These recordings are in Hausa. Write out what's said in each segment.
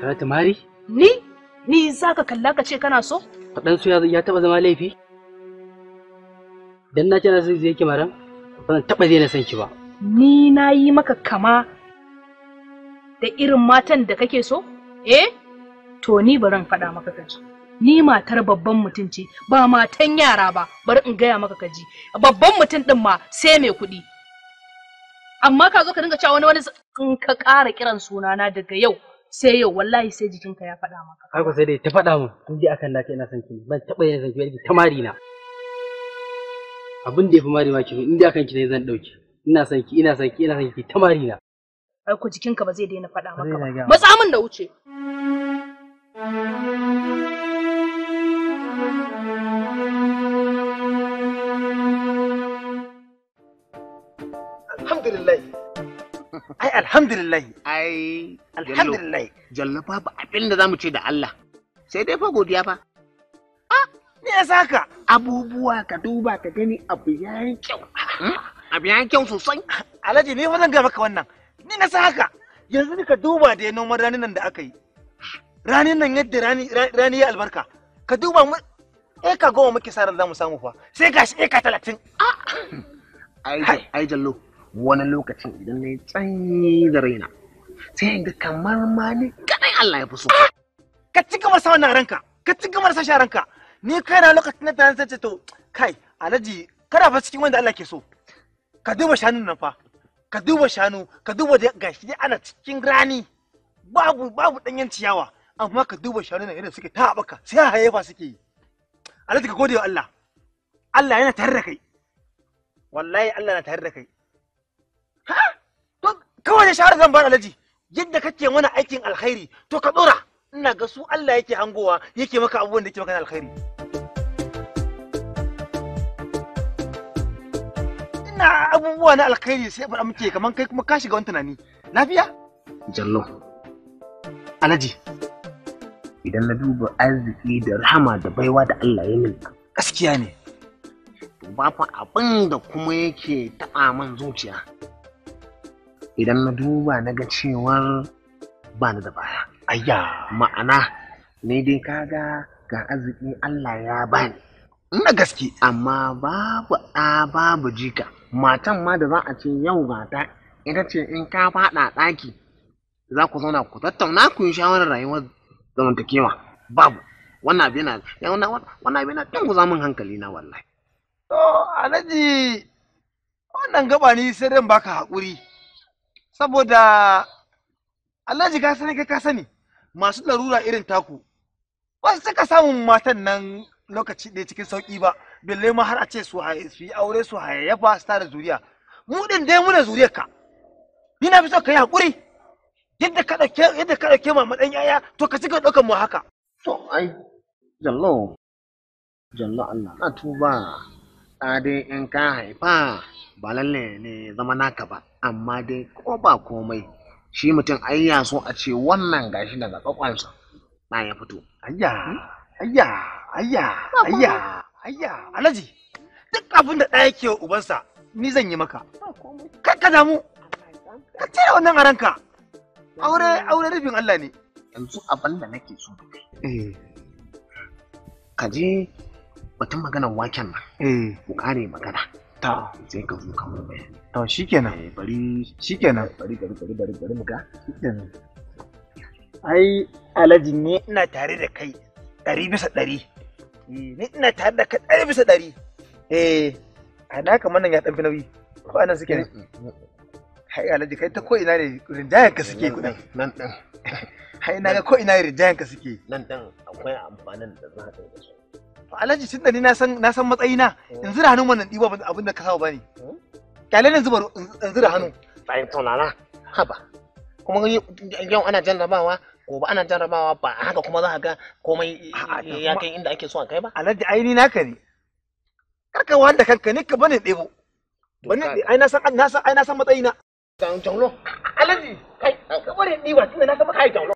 Talatu Mari? Ni? Ni za ka kalla ka ce kana so? su ya taɓa zama laifi? Dan na ce na zai zai ki maram? Ban taɓa zai na san ki ba. Ni na yi maka kama da irin matan da kake so? Eh? To ni baran faɗa maka kaji. ni matar babban mutum ce ba matan yara ba bari in gaya maka kaji babban mutum din ma sai mai kuɗi amma ka zo ka dinga cewa wani wani in ka ƙara kiran sunana daga yau sai yau wallahi sai jikinka ya faɗa maka kai ko sai dai ta faɗa min. in ji akan lafiya ina son ki ban taɓa yin son ki ba ta mari na abin da ya fi mari ma ki in ji akan ki ne zan ɗauki ina son ki ina son ki ina son ki ta mari na ai ko jikinka ba zai daina faɗa maka ba matsa min da wuce alhamdulillah ai alhamdulillah ai alhamdulillah jallafa ba abin da zamu ce da Allah sai dai fa godiya fa ah me yasa ka abubuwa ka duba ka gani abu yayin kyau hmm? abu yayin kyau sosai alhaji ne fa zan ga maka wannan ni na sa haka yanzu ka duba da noma ranin nan da aka yi ranin nan yadda rani ya albarka ka duba mu eka goma muke sa ran zamu samu fa sai gashi eka talatin ai jallo wani lokacin idan na yi tsanyi da raina sai in ga kamar ma ni kadai Allah ya fi so ah! ka ci gama sa wannan ranka ka ci gama sa ranka ni kai kaina lokacin da tana sace to kai alaji kana fa cikin wanda Allah ke so ka duba shanun nan fa ka duba shanu ka duba gashi dai ana cikin rani babu babu danyen ciyawa amma ka duba shanu nan yadda suke ta haɓaka sai haifa suke yi alaji ka gode wa Allah Allah yana tare da kai wallahi Allah na tare da kai ha to kawai da shahar zan ba alaji yadda kake wani aikin alkhairi to ka dora ina ga su Allah yake hangowa yake maka abubuwan da yake maka alkhairi ina abubuwa na alkhairi sai faɗa muke kaman kai kuma ka shiga wani tunani lafiya jallo alaji idan na duba arziki da rahama da baiwa da Allah ya min gaskiya ne To ba fa abin da kuma yake taɓa man zuciya idan na duba na ga cewar ba ni da baya ayya ma'ana ne dai kaga ga arziki Allah ya bani na gaske amma babu a babu jika matan ma da za a ce yau ga ita ce in ka faɗa ɗaki za ku zauna ku tattauna ku yi shawarar rayuwar zamantakewa babu wannan abin na wannan abin na ku zamun hankali na wallahi to alaji wannan gaba ni sai ran baka haƙuri saboda alhaji ka sani ka sani masu larura irin taku ba su saka samun matan nan lokaci ɗaya cikin sauƙi ba belle ma har a ce su yi aure su ba su tara zuriya mu din dai muna zuriyar ka ni na fi so ka yi hakuri? yadda ka ɗauke yadda ka ɗauke ma yaya to ka cika ɗaukan mu haka to ai jallo jallo Allah na tuba ba dai in ka haifa ba lalle ne zama naka ba amma dai ko ba komai shi mutum ai ya so a ce wannan gashi daga kwakwansa na ya fito ayya ayya ayya ayya ayya alaji duk abin da ɗaya ke ubansa ni zan yi maka kar ka damu ka cire wannan a ranka aure aure rufin Allah ne yanzu abin da nake so da kai eh. ka je batun maganar waken nan eh. ku kare magana ta sai ka zo ka mun bayani to shikenan eh, bari shikenan bari bari bari bari bari mu ga shikenan ai alaji ne ina tare da kai ɗari bisa ɗari ne ina tare da kai ɗari bisa ɗari eh ana eh, na kamar nan ya ɗan fi nauyi ko anan suke ne mm, mm, mm. hai alaji kai ta ko ina ne rinjayen ka suke kuɗin nan ɗin hai na ga ko ina rinjayen ka suke nan ɗin akwai amfanin da za ka yi da su alhaji tun da ni na san na san matsayina eh. in zira hannun wannan diba abin da ka saba bane hmm? kyale ne zuba in zira hannu bayan tonana? haba kuma yau ana jarrabawa gobe ana jarrabawa ba haka kuma za ka ga komai ya kai inda ake so a kai ba alhaji aini naka ne karka wanda kanka ne ka bane debo bane ai na san na san ai na san matsayina dan jaulo alhaji kai ka bane tun da na san ba kai jaulo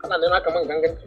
kana nuna kaman ganganci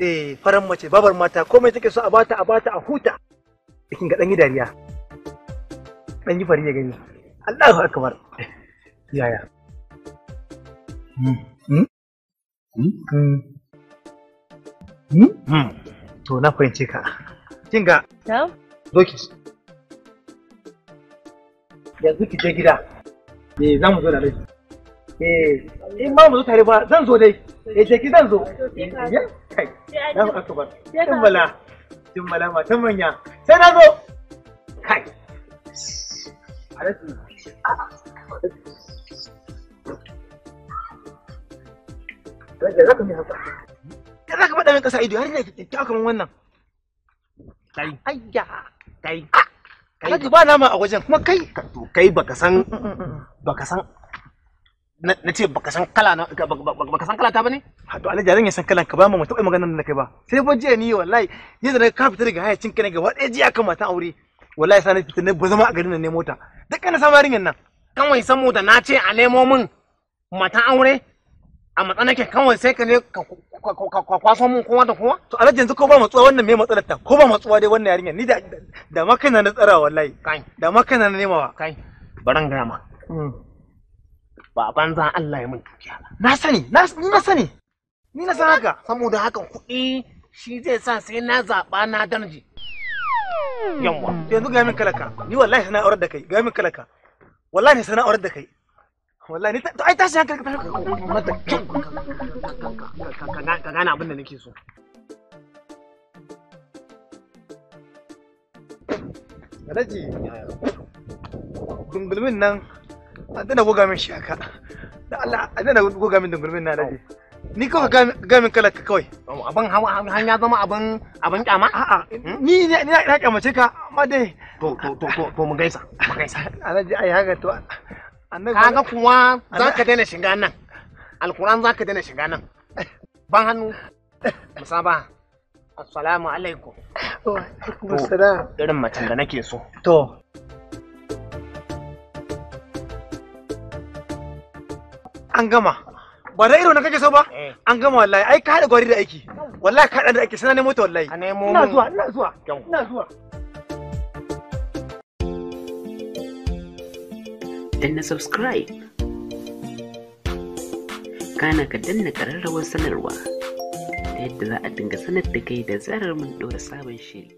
eh faran mace babar mata komai take so a bata a bata a huta eh, kin ga dan yi dariya dan yi fari ya gani Allahu akbar yaya hmm. Hmm? Hmm? to na fahimce ka kin ga zo ki yanzu ki je gida eh za mu zo da rai eh in ma mu zo tare ba zan zo dai eh je ki zan zo Allahu akbar. Kin bala. Kin bala manya. Sai na zo. Kai. Alatu. Da zaka haka. zaka faɗa min kasa ido har ne ta kaman wannan. Kai. Ayya. Kai. Ah! Kai. ba nama a wajen kuma kai. To kai baka san mm, mm, mm, san na ce baka san kala na baka san kala ta bane ha to alhaji zan ya san kalan ka ba mu taɓa maganar da kai ba sai fa jiya ni wallahi ni da ka fita daga hayacin ka ne gaba ɗaya jiya kan mata aure wallahi sai na fita ne ba zama a garin nan ne mota duk kana sama ringan nan san mota na ce a nemo mun mata aure a matsa nake kawai sai ka ne ka kwaso mun kowa da kowa to alhaji yanzu ko ba matsuwa wannan me matsalar ta ko ba matsuwa dai wannan yarinya ni da da makana na tsara wallahi da makana na nemawa kai baran gama ba a banza Allah ya min dukiya ba na sani ni na sani ni na san haka saboda haka kuɗi shi zai sa sai na zaɓa na darji yamma yanzu ga min kalaka ni wallahi sana aurar da kai ga min kalaka wallahi sana aurar da kai wallahi ni ai tashi hankali ka ka gana abin da nake so Alhaji, dungulmin nan a dana goga min shi da Allah a dana goga min dungulmin na daji ni kawai ga min kalar kawai abin hanya zama abin abin kyama a'a hmm? ni ne na kyamace ka amma dai to to to to mu gaisa mu gaisa alaji ai haka to kaga kuma zaka daina shiga nan alquran zaka daina shiga nan ban hannu musaba assalamu alaikum to irin macen da nake so to an gama ba da irin na kake so ba eh. an gama wallahi ai ka hada gwari da aiki wallahi ka hada da aiki sana nemo ta wallahi ina zuwa ina zuwa ina zuwa danna subscribe kana ka danna kararrawar sanarwa ta yadda za a dinga sanar da kai da zarar mun ɗora sabon shiri